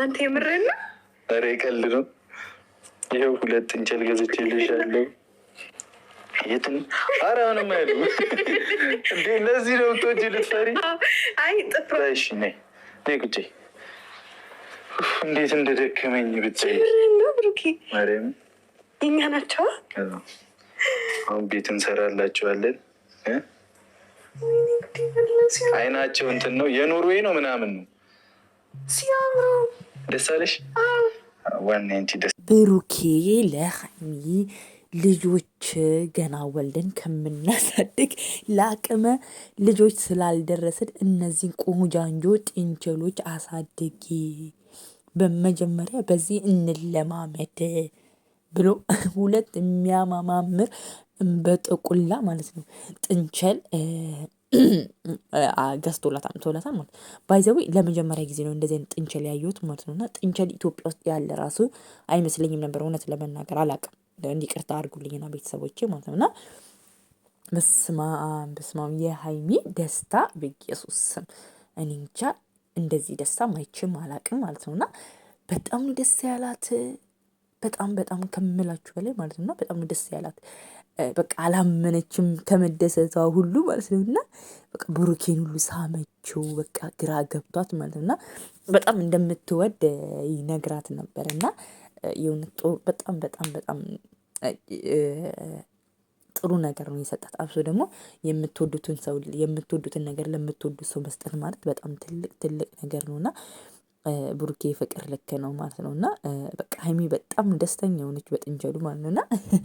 አንተ የምርህን ነው? ኧረ ቀልድ ነው። ይኸው ሁለት እንጨል ገዝቼልሻለሁ። የትን ኧረ ምንም አይልም። እንዴ ለዚህ ነው የምትወጪ ልትፈሪ? አይ ጥፍሽ ቁጭ እንዴት እንደደከመኝ ብታይ ነው ብሩኬ። ማርያም የኛ ናቸው። አሁን ቤት እንሰራላቸዋለን። አይናቸው እንትን ነው የኖርዌይ ነው ምናምን ነው ሲያምሩ ደስ ብሩኬ ለሀይሚ ልጆች ገና ወልደን ከምናሳድግ ለአቅመ ልጆች ስላልደረስን እነዚህን ቆንጃንጆ ጥንቸሎች አሳድጊ፣ በመጀመሪያ በዚህ እንለማመድ ብሎ ሁለት የሚያማማምር በጠቁላ ማለት ነው ጥንቸል ገዝቶላታል ቶላታል ማለት ባይዘዊ ለመጀመሪያ ጊዜ ነው እንደዚህ አይነት ጥንቸል ያየሁት ማለት ነው። እና ጥንቸል ኢትዮጵያ ውስጥ ያለ ራሱ አይመስለኝም ነበር እውነት ለመናገር አላውቅም። እንዲቅርታ አድርጉልኝና ቤተሰቦቼ ማለት ነው እና በስመ አብ የሀይሚ ደስታ በኢየሱስ ስም እኔ እንጃ እንደዚህ ደስታ ማይችም አላቅም ማለት ነው እና በጣም ደስ ያላት። በጣም በጣም ከምላችሁ በላይ ማለት ነው በጣም ደስ ያላት። በቃ አላመነችም ከመደሰቷ ሁሉ ማለት ነው። እና በቃ ብሩኬን ሁሉ ሳመችው በቃ ግራ ገብቷት ማለት ነው። እና በጣም እንደምትወድ ይነግራት ነበር እና የእውነት በጣም በጣም በጣም ጥሩ ነገር ነው የሰጣት። አብሶ ደግሞ የምትወዱትን ሰው የምትወዱትን ነገር ለምትወዱት ሰው መስጠት ማለት በጣም ትልቅ ትልቅ ነገር ነው እና ብሩኬ ፍቅር ልክ ነው ማለት ነው። እና በቃ ሀይሚ በጣም ደስተኛ የሆነች በጥንቸሉ ማለት ነው። እና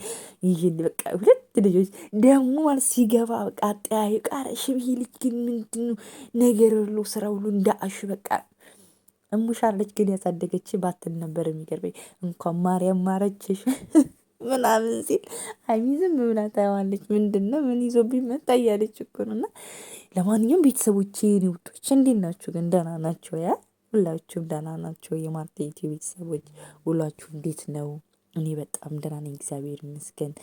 ይህን በቃ ሁለት ልጆች ደግሞ ማለት ሲገባ በቃ አጠያዩ ቃረ እሺ፣ ልጅ ግን ምንድን ነገር ሁሉ ስራ ሁሉ እንዳአሽ በቃ እሙሻለች ግን ያሳደገች ባትል ነበር የሚገርበኝ እንኳን ማርያም ማረችሽ ምናምን ሲል ሀይሚ ዝም ብላ ታየዋለች። ምንድን ነው ምን ይዞብኝ መጣ እያለች እኮ ነው። እና ለማንኛውም ቤተሰቦቼ ውጦች እንዴት ናችሁ? ግን ደህና ናቸው ያ ሁላችሁም ደህና ናቸው የማርታ ዩቲዩብ ቤተሰቦች ውሏችሁ እንዴት ነው? እኔ በጣም ደህና ነኝ፣ እግዚአብሔር ይመስገን።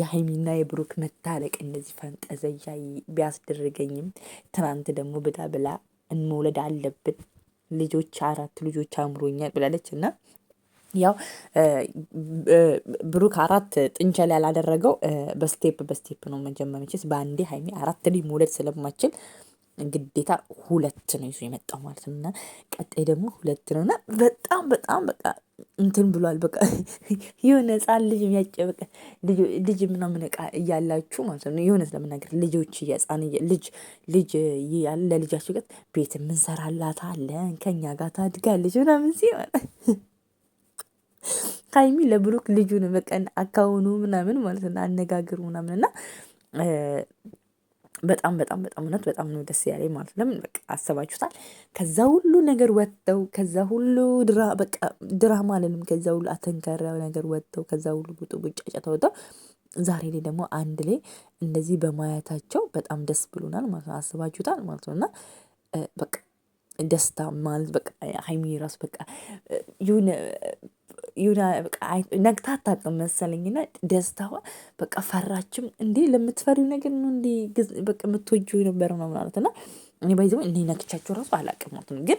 የሀይሚና የብሩክ መታረቅ እንደዚህ ፈንጠዘያ ቢያስደርገኝም ትናንት ደግሞ ብላ ብላ እንመውለድ አለብን ልጆች አራት ልጆች አምሮኛል ብላለች እና ያው ብሩክ አራት ጥንቸል ያላደረገው በስቴፕ በስቴፕ ነው መጀመር መቼስ በአንዴ ሀይሚ አራት ልጅ መውለድ ስለማችል ግዴታ ሁለት ነው ይዞ የመጣው ማለት ነው። እና ቀጣይ ደግሞ ሁለት ነው እና በጣም በጣም በቃ እንትን ብሏል። በቃ የሆነ ህፃን ልጅ የሚያጨበቀ ልጅ ምናምን እቃ እያላችሁ ማለት ነው የሆነ ስለምናገር ልጆች ህፃን ልጅ ልጅ ያለ ልጃችሁ ቀጥ ቤት አለን ከኛ ጋር ታድጋለች ምናምን ሲ ሀይሚ ለብሩክ ልጁን በቀን አካውኑ ምናምን ማለት ነው አነጋገሩ ምናምን እና በጣም በጣም በጣም እውነት በጣም ነው ደስ ያለኝ ማለት ለምን በቃ አሰባችሁታል። ከዛ ሁሉ ነገር ወጥተው ከዛ ሁሉ በቃ ድራማ አለንም ከዛ ሁሉ አተንከራ ነገር ወጥተው ከዛ ሁሉ ቡጡ ቡጫጫ ወጥተው ዛሬ ላይ ደግሞ አንድ ላይ እንደዚህ በማየታቸው በጣም ደስ ብሎናል ማለት ነው። አስባችሁታል ማለት ነው እና በቃ ደስታ ማለት በቃ ሀይሚ ራሱ በቃ የሆነ ነግታ አታውቅም መሰለኝና ደስታዋ በቃ ፈራችም። እንዲህ ለምትፈሪው ነገር ነው እንዲ በቃ የምትወጁ የነበረው ነው ማለት ና እኔ ባይዘ እኔ ነግቻቸው ራሱ አላውቅም ማለት ነው ግን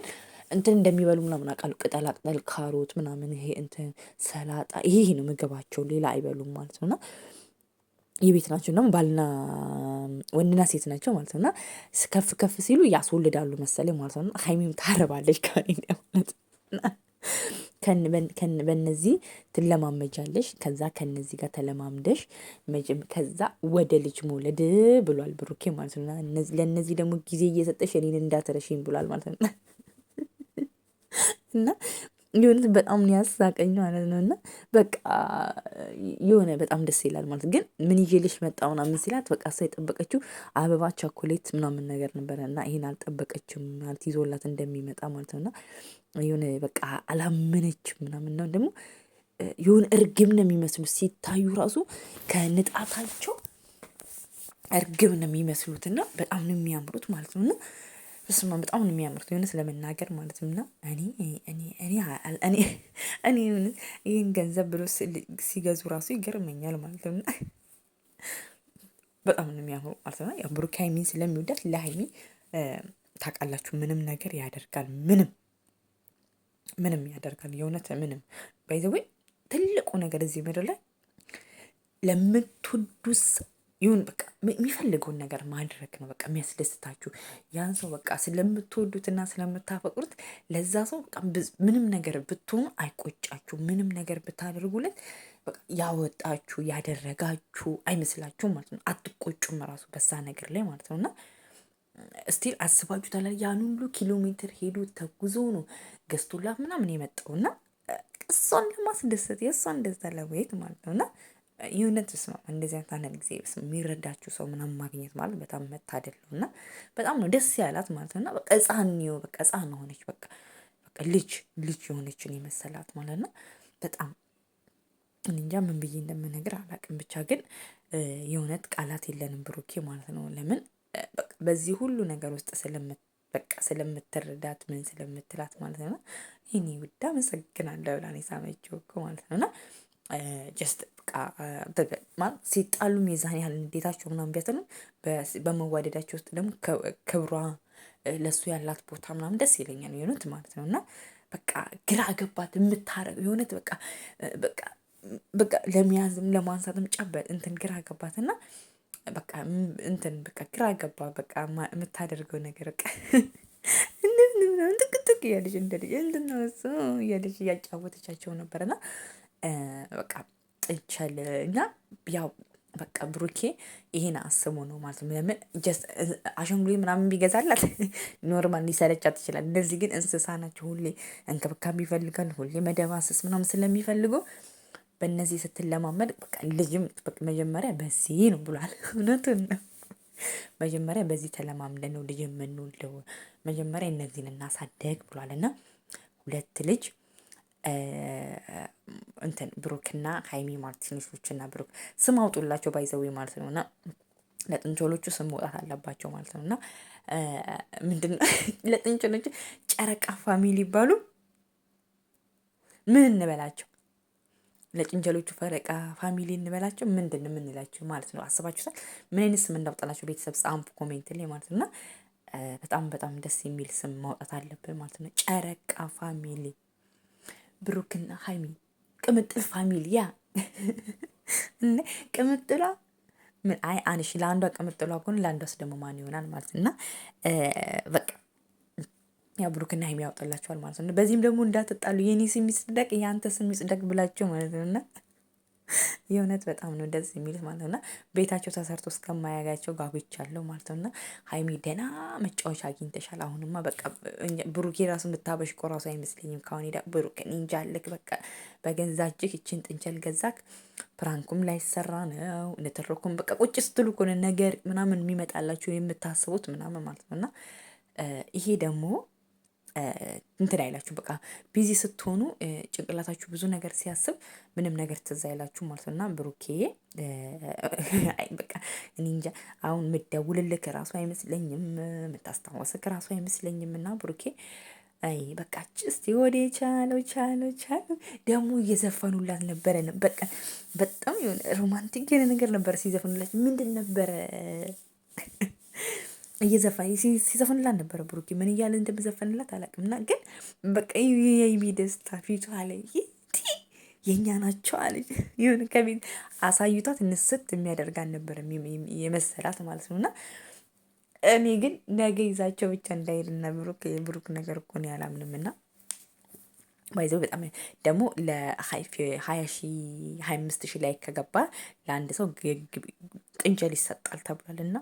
እንትን እንደሚበሉ ምናምን አውቃለሁ። ቅጠላቅጠል፣ ካሮት ምናምን ይሄ እንትን ሰላጣ ይሄ ነው ምግባቸው፣ ሌላ አይበሉም ማለት ነው ና የቤት ናቸው ደግሞ ባልና ወንድና ሴት ናቸው ማለት ነው እና ከፍ ከፍ ሲሉ ያስወልዳሉ መሰለኝ ማለት ነው። ሀይሚም ታረባለች ከኔ ማለት ነው። በነዚህ ትለማመጃለሽ። ከዛ ከነዚህ ጋር ተለማምደሽ ከዛ ወደ ልጅ መውለድ ብሏል ብሩኬ ማለት ነው። ለእነዚህ ደግሞ ጊዜ እየሰጠሽ እኔን እንዳትረሽኝ ብሏል ማለት ነው። እና የሆነት በጣም ያሳቀኝ ማለት ነው። እና በቃ የሆነ በጣም ደስ ይላል ማለት ግን ምን ይዤልሽ መጣ ምናምን ሲላት በቃ እሷ የጠበቀችው አበባ፣ ቻኮሌት ምናምን ነገር ነበረ እና ይሄን አልጠበቀችም ማለት ይዞላት እንደሚመጣ ማለት ነው እና የሆነ በቃ አላመነችም ምናምን ነው ደግሞ የሆነ እርግብ ነው የሚመስሉት ሲታዩ ራሱ ከንጣታቸው እርግብ ነው የሚመስሉት እና በጣም ነው የሚያምሩት ማለት ነው። እና እሱማ በጣም ነው የሚያምሩት የሆነ ስለመናገር ማለት ነው። እና እኔ ይህን ገንዘብ ብሎ ሲገዙ ራሱ ይገርመኛል ማለት ነው። እና በጣም ነው የሚያምሩ ማለት ነው። ያው ብሩክ ሀይሚን ስለሚወዳት ለሀይሚ ታውቃላችሁ፣ ምንም ነገር ያደርጋል ምንም ምንም ያደርጋል። የእውነት ምንም ባይዘወ ትልቁ ነገር እዚህ ምድር ላይ ለምትወዱስ ሰው ይሁን በቃ የሚፈልገውን ነገር ማድረግ ነው። በቃ የሚያስደስታችሁ ያን ሰው በቃ ስለምትወዱትና ስለምታፈቅሩት ለዛ ሰው በቃ ምንም ነገር ብትሆኑ አይቆጫችሁ። ምንም ነገር ብታደርጉለት ያወጣችሁ ያደረጋችሁ አይመስላችሁ ማለት ነው። አትቆጩም ራሱ በዛ ነገር ላይ ማለት ነው እና ስቲል አስባችሁታል? ያን ሁሉ ኪሎ ሜትር ሄዶ ተጉዞ ነው ገዝቶላት ምናምን የመጣው እና እሷን ለማስደሰት የእሷን እንደዛ ለማየት ማለት ነው። እና የእውነት ስማ እንደዚህ አይነት አንዳንድ ጊዜ የሚረዳችሁ ሰው ምናምን ማግኘት ማለት በጣም መታደል ነው። እና በጣም ነው ደስ ያላት ማለት ነው። እና በቃ ሕፃን ነው በቃ ሕፃን ሆነች በቃ ልጅ ልጅ የሆነችን የመሰላት ማለት ነው። በጣም እንጃ ምን ብዬ እንደምነግር አላቅም ብቻ ግን የእውነት ቃላት የለንም ብሩኬ ማለት ነው ለምን በዚህ ሁሉ ነገር ውስጥ በቃ ስለምትረዳት ምን ስለምትላት ማለት ነው። ይህኔ ውድ አመሰግናለሁ ብላ ሳመችው እኮ ማለት ነው። እና ጀስት በቃ ሲጣሉ ሚዛን ያህል እንዴታቸው ምናምን ቢያስሉ በመዋደዳቸው ውስጥ ደግሞ ክብሯ ለእሱ ያላት ቦታ ምናምን ደስ ይለኛል የሆነት ማለት ነው። እና በቃ ግራ ገባት የምታረግ የሆነት በቃ በቃ በቃ ለመያዝም ለማንሳትም ጨበጥ እንትን ግራ ገባት እና በቃ እንትን በቃ ግራ ገባ። በቃ የምታደርገው ነገር በቃ ጥቅጥቅ እንደ ልጅ እንትን ነው እሱ እያጫወተቻቸው ነበርና በቃ እና ያው በቃ ብሩኬ ይሄን አስቦ ነው ማለት ነው። ለምን አሻንጉሊት ምናምን ቢገዛላት ኖርማል ሊሰለቻት ይችላል። እነዚህ ግን እንስሳ ናቸው። ሁሌ እንክብካቤ ይፈልጋል። ሁሌ ምናምን ስለሚፈልጉ በእነዚህ ስትለማመድ በቃ ልጅም መጀመሪያ በዚህ ነው ብሏል። እውነቱን ነው። መጀመሪያ በዚህ ተለማምደ ነው ልጅ የምንወልደው። መጀመሪያ እነዚህን እናሳደግ ብሏል እና ሁለት ልጅ እንትን ብሩክና ሀይሚ ማለት ትንሾችና ብሩክ ስም አውጡላቸው ባይዘዊ ማለት ነው እና ለጥንቾሎቹ ስም መውጣት አለባቸው ማለት ነው እና ምንድነው ለጥንቾሎቹ ጨረቃ ፋሚሊ ይባሉ ምን እንበላቸው? ለጭንጀሎቹ ፈረቃ ፋሚሊ እንበላቸው ምንድን የምንላቸው ማለት ነው። አስባችሁታል? ምን አይነት ስም እንዳውጣላቸው ቤተሰብ ጻንፉ ኮሜንት ላይ ማለት ነው። እና በጣም በጣም ደስ የሚል ስም ማውጣት አለብን ማለት ነው። ጨረቃ ፋሚሊ፣ ብሩክና ሀይሚ ቅምጥል ፋሚሊ። ያ ቅምጥሏ ምን አይ አንሺ ለአንዷ ቅምጥሏ ጎን ለአንዷስ ደግሞ ማን ይሆናል ማለት እና በቃ ያው ብሩክና ሀይሚ ያወጣላቸዋል ማለት ነው። በዚህም ደግሞ እንዳትጣሉ የኔ ስም ይጽደቅ የአንተ ስም ይጽደቅ ብላቸው ማለት ነው እና የእውነት በጣም ነው ደስ የሚሉት ማለት ነው እና ቤታቸው ተሰርቶ እስከማያጋቸው ጓጉቻለሁ ማለት ነው እና ሀይሚ ደህና መጫወቻ አግኝተሻል። አሁንማ በቃ ብሩኬ ራሱ የምታበሽቆ ራሱ አይመስለኝም። ካሁን ሄዳ ብሩክ እንጃልክ በቃ በገዛ እጅህ ይችን ጥንቸል ገዛክ። ፕራንኩም ላይሰራ ነው ንትርኩም በቃ ቁጭ ስትሉ እኮ ነገር ምናምን የሚመጣላችሁ የምታስቡት ምናምን ማለት ነው እና ይሄ ደግሞ እንትን አይላችሁ በቃ ቢዚ ስትሆኑ ጭንቅላታችሁ ብዙ ነገር ሲያስብ ምንም ነገር ትዝ አይላችሁ ማለት ነው። እና ብሩኬ በቃ እኔ እንጃ አሁን ምደውልልክ ራሱ አይመስለኝም፣ ምታስታወስክ ራሱ አይመስለኝም። እና ብሩኬ አይ በቃ ጭስት ወደ ቻለው ቻለው ቻለው ደግሞ እየዘፈኑላት ነበረ። በቃ በጣም የሆነ ሮማንቲክ የሆነ ነገር ነበረ ሲዘፈኑላት ምንድን ነበረ እየዘፈን ሲዘፈንላት ነበረ ብሩኬ። ምን እያለ እንደምዘፈንላት አላውቅም፣ እና ግን በቃ የሚ ደስታ ፊቷ ላይ የእኛ ናቸው አለች። ይሁን ከቤት አሳይቷት ንስት የሚያደርጋን ነበር የመሰላት ማለት ነው። እና እኔ ግን ነገ ይዛቸው ብቻ እንዳይልና ብሩክ የብሩክ ነገር እኮ ነው ያላምንም እና ባይዘው በጣም ደግሞ ለሀያ ሺ ሀያ አምስት ሺ ላይ ከገባ ለአንድ ሰው ጥንጀል ይሰጣል ተብሏል እና